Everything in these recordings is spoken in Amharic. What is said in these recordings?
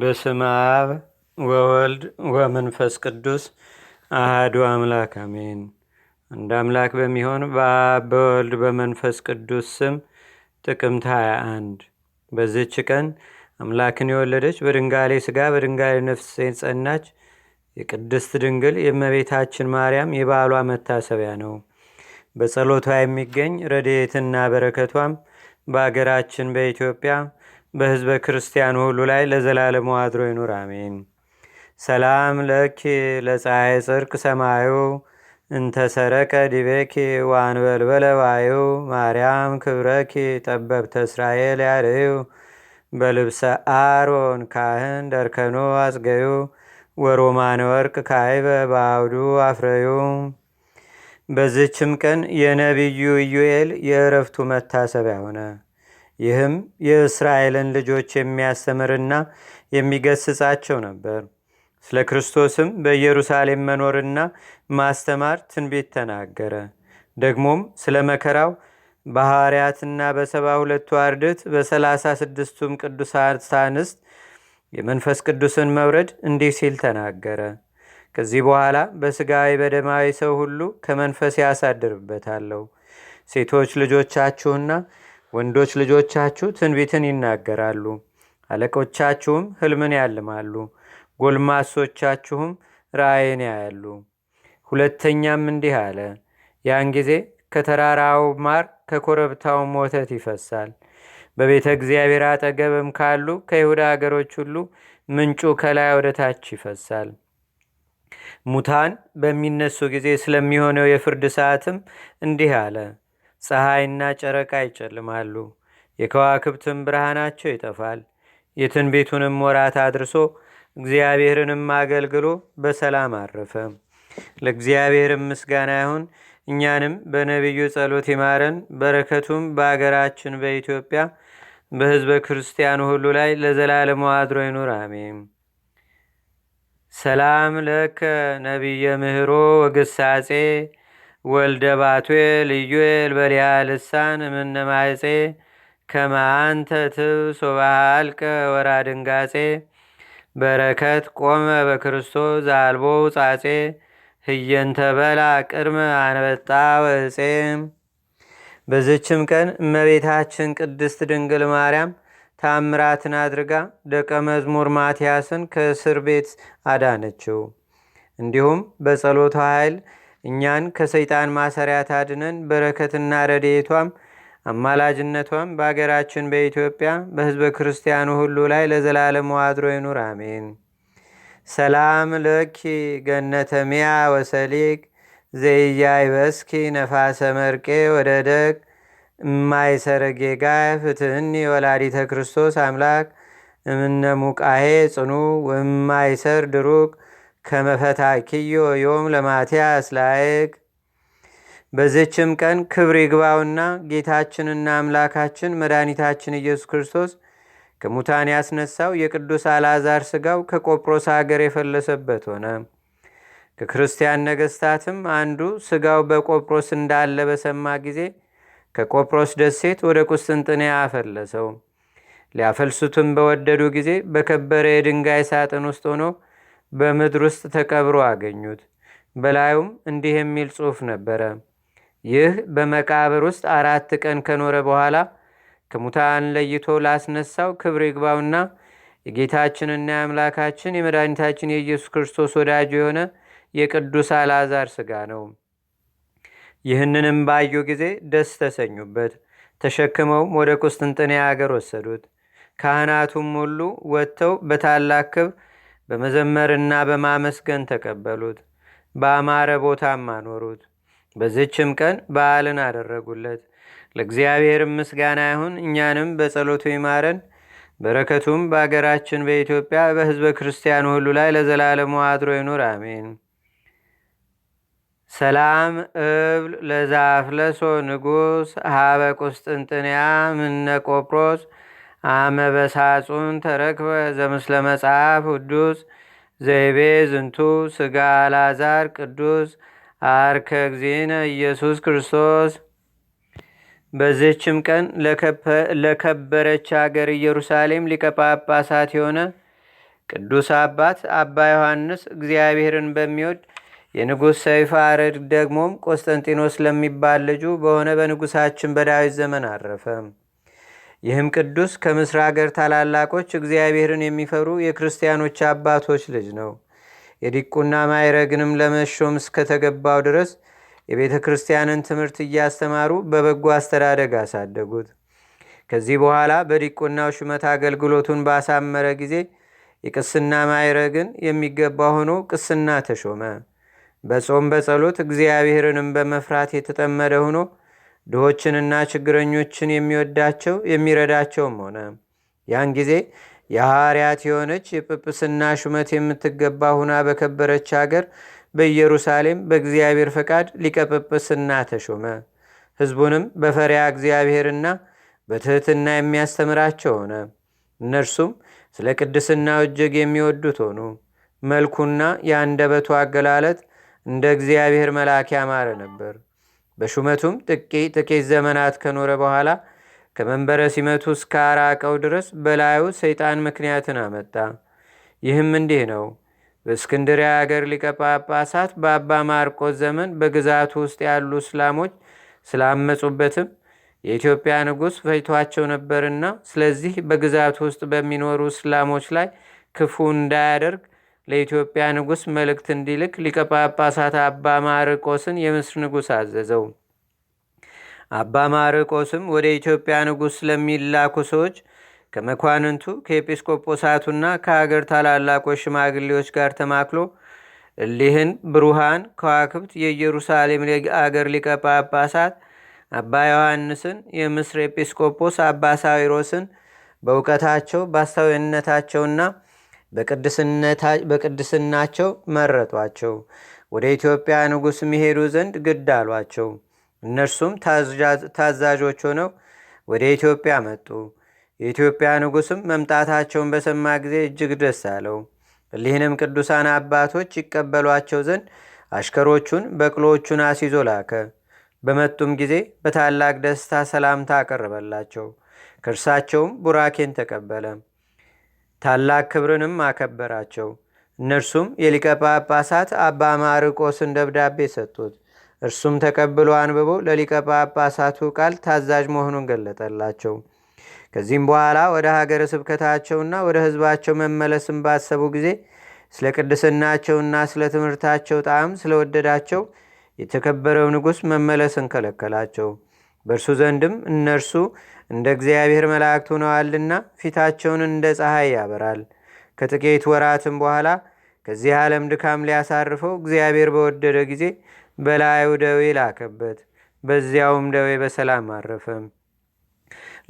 በስመ አብ ወወልድ ወመንፈስ ቅዱስ አህዱ አምላክ አሜን። አንድ አምላክ በሚሆን በአብ በወልድ በመንፈስ ቅዱስ ስም ጥቅምት 21 በዚች ቀን አምላክን የወለደች በድንጋሌ ሥጋ በድንጋሌ ነፍስ የጸናች የቅድስት ድንግል የእመቤታችን ማርያም የበዓሏ መታሰቢያ ነው። በጸሎቷ የሚገኝ ረድኤትና በረከቷም በአገራችን በኢትዮጵያ በህዝበ ክርስቲያን ሁሉ ላይ ለዘላለሙ አድሮ ይኑር አሜን። ሰላም ለኪ ለፀሐይ ጽርቅ ሰማዩ እንተሰረቀ ዲቤኪ ዋንበልበለ ባዩ ማርያም ክብረኪ ጠበብተ እስራኤል ያርዩ በልብሰ አሮን ካህን ደርከኖ አጽገዩ ወሮማን ወርቅ ካይበ በአውዱ አፍረዩ። በዝችም ቀን የነቢዩ ኢዩኤል የእረፍቱ መታሰቢያ ሆነ። ይህም የእስራኤልን ልጆች የሚያስተምርና የሚገስጻቸው ነበር። ስለ ክርስቶስም በኢየሩሳሌም መኖርና ማስተማር ትንቢት ተናገረ። ደግሞም ስለ መከራው በሐዋርያትና በሰባ ሁለቱ አርድት በሰላሳ ስድስቱም ቅዱሳት አንስት የመንፈስ ቅዱስን መውረድ እንዲህ ሲል ተናገረ። ከዚህ በኋላ በሥጋዊ በደማዊ ሰው ሁሉ ከመንፈስ ያሳድርበታለሁ። ሴቶች ልጆቻችሁና ወንዶች ልጆቻችሁ ትንቢትን ይናገራሉ፣ አለቆቻችሁም ህልምን ያልማሉ፣ ጎልማሶቻችሁም ራእይን ያያሉ። ሁለተኛም እንዲህ አለ፣ ያን ጊዜ ከተራራው ማር ከኮረብታው ወተት ይፈሳል። በቤተ እግዚአብሔር አጠገብም ካሉ ከይሁዳ አገሮች ሁሉ ምንጩ ከላይ ወደ ታች ይፈሳል። ሙታን በሚነሱ ጊዜ ስለሚሆነው የፍርድ ሰዓትም እንዲህ አለ ፀሐይና ጨረቃ ይጨልማሉ፣ የከዋክብትም ብርሃናቸው ይጠፋል። የትንቢቱንም ወራት አድርሶ እግዚአብሔርንም አገልግሎ በሰላም አረፈ። ለእግዚአብሔርም ምስጋና ይሁን። እኛንም በነቢዩ ጸሎት ይማረን። በረከቱም በአገራችን በኢትዮጵያ በሕዝበ ክርስቲያኑ ሁሉ ላይ ለዘላለሙ አድሮ ይኑር አሜን። ሰላም ለከ ነቢየ ምህሮ ወግሳጼ ወልደ ባቱኤ ልዩኤል በሊያ ልሳን እምነማይጼ ከማአንተ ትብ ሶባሃልቀ ወራ ድንጋጼ በረከት ቆመ በክርስቶስ ዛልቦ ውጻጼ ህየንተ በላ ቅድመ አነበጣ ወፄ በዝችም ቀን እመቤታችን ቅድስት ድንግል ማርያም ታምራትን አድርጋ ደቀ መዝሙር ማትያስን ከእስር ቤት አዳነችው። እንዲሁም በጸሎቷ ኃይል እኛን ከሰይጣን ማሰሪያ ታድነን በረከትና ረድኤቷም አማላጅነቷም በአገራችን በኢትዮጵያ በህዝበ ክርስቲያኑ ሁሉ ላይ ለዘላለም አድሮ ይኑር፣ አሜን። ሰላም ለኪ ገነተ ሚያ ወሰሊግ በስኪ ነፋሰ መርቄ ወደ ደግ ጋይ ፍትህኒ ወላዲተ ክርስቶስ አምላክ እምነ ሙቃሄ ጽኑ ወማይሰር ድሩቅ ከመፈታኪዮ ዮም ለማትያስ ላይግ በዝችም ቀን ክብር ይግባውና ጌታችንና አምላካችን መድኃኒታችን ኢየሱስ ክርስቶስ ከሙታን ያስነሳው የቅዱስ አልዓዛር ስጋው ከቆጵሮስ አገር የፈለሰበት ሆነ። ከክርስቲያን ነገስታትም አንዱ ስጋው በቆጵሮስ እንዳለ በሰማ ጊዜ ከቆጵሮስ ደሴት ወደ ቁስጥንጥንያ አፈለሰው። ሊያፈልሱትም በወደዱ ጊዜ በከበረ የድንጋይ ሳጥን ውስጥ ሆኖ በምድር ውስጥ ተቀብሮ አገኙት። በላዩም እንዲህ የሚል ጽሑፍ ነበረ። ይህ በመቃብር ውስጥ አራት ቀን ከኖረ በኋላ ከሙታን ለይቶ ላስነሳው ክብር ይግባውና የጌታችንና የአምላካችን የመድኃኒታችን የኢየሱስ ክርስቶስ ወዳጅ የሆነ የቅዱስ አልዓዛር ሥጋ ነው። ይህንንም ባዩ ጊዜ ደስ ተሰኙበት። ተሸክመውም ወደ ቁስጥንጥንያ አገር ወሰዱት። ካህናቱም ሁሉ ወጥተው በታላቅ ክብር በመዘመርና በማመስገን ተቀበሉት፣ በአማረ ቦታም አኖሩት። በዝችም ቀን በዓልን አደረጉለት። ለእግዚአብሔር ምስጋና ይሁን፣ እኛንም በጸሎቱ ይማረን። በረከቱም በአገራችን በኢትዮጵያ በህዝበ ክርስቲያኑ ሁሉ ላይ ለዘላለሙ አድሮ ይኑር፣ አሜን። ሰላም እብል ለሶ ንጉሥ ሀበ ቁስጥንጥንያ ምነ አመበሳጹን ተረክበ ዘምስለ መጽሐፍ ቅዱስ ዘይቤ ዝንቱ ስጋ አላዛር ቅዱስ አርከ እግዚእነ ኢየሱስ ክርስቶስ በዚህችም ቀን ለከበረች አገር ኢየሩሳሌም ሊቀ ጳጳሳት የሆነ ቅዱስ አባት አባ ዮሐንስ እግዚአብሔርን በሚወድ የንጉሥ ሰይፈ አረድ ደግሞም ቆስጠንጢኖስ ለሚባል ልጁ በሆነ በንጉሳችን በዳዊት ዘመን አረፈ። ይህም ቅዱስ ከምስራ አገር ታላላቆች እግዚአብሔርን የሚፈሩ የክርስቲያኖች አባቶች ልጅ ነው። የዲቁና ማይረግንም ለመሾም እስከተገባው ድረስ የቤተ ክርስቲያንን ትምህርት እያስተማሩ በበጎ አስተዳደግ አሳደጉት። ከዚህ በኋላ በዲቁናው ሹመት አገልግሎቱን ባሳመረ ጊዜ የቅስና ማይረግን የሚገባ ሆኖ ቅስና ተሾመ። በጾም በጸሎት እግዚአብሔርንም በመፍራት የተጠመደ ሆኖ ድሆችንና ችግረኞችን የሚወዳቸው የሚረዳቸውም ሆነ። ያን ጊዜ የሐርያት የሆነች የጵጵስና ሹመት የምትገባ ሁና በከበረች አገር በኢየሩሳሌም በእግዚአብሔር ፈቃድ ሊቀጵጵስና ተሾመ። ሕዝቡንም በፈሪያ እግዚአብሔርና በትሕትና የሚያስተምራቸው ሆነ። እነርሱም ስለ ቅድስና እጅግ የሚወዱት ሆኑ። መልኩና የአንደበቱ አገላለጥ እንደ እግዚአብሔር መልአክ ያማረ ነበር። በሹመቱም ጥቂት ዘመናት ከኖረ በኋላ ከመንበረ ሲመቱ አራቀው ድረስ በላዩ ሰይጣን ምክንያትን አመጣ። ይህም እንዲህ ነው። በእስክንድሪያ አገር ሊቀ ጳጳሳት በአባ ማርቆስ ዘመን በግዛቱ ውስጥ ያሉ እስላሞች ስላመፁበትም የኢትዮጵያ ንጉሥ ፈጅቷቸው ነበርና፣ ስለዚህ በግዛቱ ውስጥ በሚኖሩ እስላሞች ላይ ክፉ እንዳያደርግ ለኢትዮጵያ ንጉሥ መልእክት እንዲልክ ሊቀ ጳጳሳት አባ ማርቆስን የምስር ንጉሥ አዘዘው። አባ ማርቆስም ወደ ኢትዮጵያ ንጉሥ ስለሚላኩ ሰዎች ከመኳንንቱ ከኤጲስቆጶሳቱና ከአገር ታላላቆች ሽማግሌዎች ጋር ተማክሎ እሊህን ብሩሃን ከዋክብት የኢየሩሳሌም አገር ሊቀ ጳጳሳት አባ ዮሐንስን፣ የምስር ኤጲስቆጶስ አባ ሳዊሮስን በእውቀታቸው በአስተዋይነታቸውና በቅድስናቸው መረጧቸው። ወደ ኢትዮጵያ ንጉሥ የሚሄዱ ዘንድ ግድ አሏቸው። እነርሱም ታዛዦች ሆነው ወደ ኢትዮጵያ መጡ። የኢትዮጵያ ንጉሥም መምጣታቸውን በሰማ ጊዜ እጅግ ደስ አለው። እሊህንም ቅዱሳን አባቶች ይቀበሏቸው ዘንድ አሽከሮቹን በቅሎቹን አስይዞ ላከ። በመጡም ጊዜ በታላቅ ደስታ ሰላምታ አቀረበላቸው። ከእርሳቸውም ቡራኬን ተቀበለ። ታላቅ ክብርንም አከበራቸው። እነርሱም የሊቀ ጳጳሳት አባ ማርቆስን ደብዳቤ ሰጡት። እርሱም ተቀብሎ አንብቦ ለሊቀ ጳጳሳቱ ቃል ታዛዥ መሆኑን ገለጠላቸው። ከዚህም በኋላ ወደ ሀገረ ስብከታቸውና ወደ ህዝባቸው መመለስን ባሰቡ ጊዜ ስለ ቅድስናቸውና ስለ ትምህርታቸው ጣዕም ስለወደዳቸው የተከበረው ንጉሥ መመለስን ከለከላቸው። በእርሱ ዘንድም እነርሱ እንደ እግዚአብሔር መላእክት ሆነዋልና ፊታቸውን እንደ ፀሐይ ያበራል። ከጥቂት ወራትም በኋላ ከዚህ ዓለም ድካም ሊያሳርፈው እግዚአብሔር በወደደ ጊዜ በላዩ ደዌ ላከበት። በዚያውም ደዌ በሰላም አረፈም።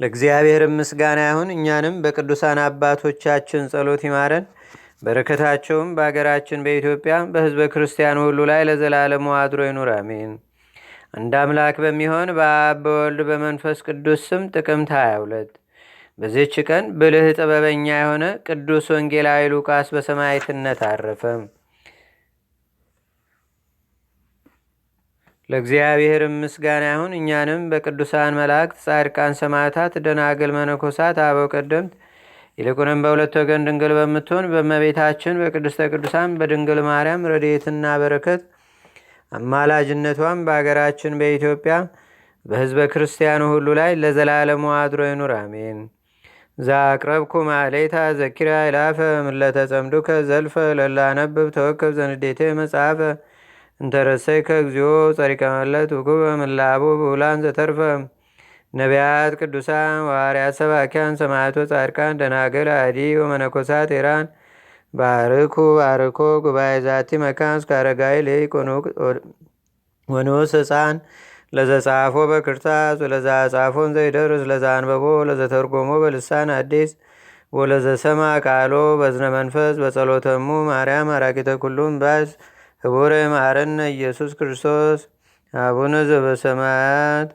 ለእግዚአብሔር ምስጋና ይሁን። እኛንም በቅዱሳን አባቶቻችን ጸሎት ይማረን። በረከታቸውም በአገራችን በኢትዮጵያ በሕዝበ ክርስቲያን ሁሉ ላይ ለዘላለሙ አድሮ ይኑር። አሜን። አንድ አምላክ በሚሆን በአብ በወልድ በመንፈስ ቅዱስ ስም ጥቅምት 22 በዚች ቀን ብልህ ጥበበኛ የሆነ ቅዱስ ወንጌላዊ ሉቃስ በሰማይትነት አረፈ። ለእግዚአብሔር ምስጋና ይሁን። እኛንም በቅዱሳን መላእክት፣ ጻድቃን፣ ሰማዕታት፣ ደናግል፣ መነኮሳት፣ አበው ቀደምት ይልቁንም በሁለት ወገን ድንግል በምትሆን በመቤታችን በቅድስተ ቅዱሳን በድንግል ማርያም ረድኤትና በረከት አማላጅነቷም በአገራችን በኢትዮጵያ በሕዝበ ክርስቲያኑ ሁሉ ላይ ለዘላለሙ አድሮ ይኑር፣ አሜን። ዛቅረብኩ ማሌታ ዘኪራ ይላፈ ምለተጸምዱከ ዘልፈ ለላነብብ ተወከብ ዘንዴቴ መጽሐፈ እንተረሰይ ከእግዚኦ ጸሪቀ መለት ውኩበ ምላቡ ብውላን ዘተርፈ ነቢያት ቅዱሳን ዋርያት ሰባኪያን ሰማያቶ ጻድቃን ደናገል አዲ ወመነኮሳት ኢራን ባርኩ ባርኮ ጉባኤ ዛቲ መካን እስካረጋይ ለይኮኑ ወንኡስ ህፃን ለዘጻፎ በክርታስ ወለዛጻፎን ዘይደርስ ለዛ አንበቦ ለዘተርጎሞ በልሳን አዲስ ወለዘሰማ ቃሎ በዝነ መንፈስ በጸሎተሙ ማርያም አራቂተ ኩሉም ባስ ህቡረ ማረነ ኢየሱስ ክርስቶስ አቡነ ዘበሰማያት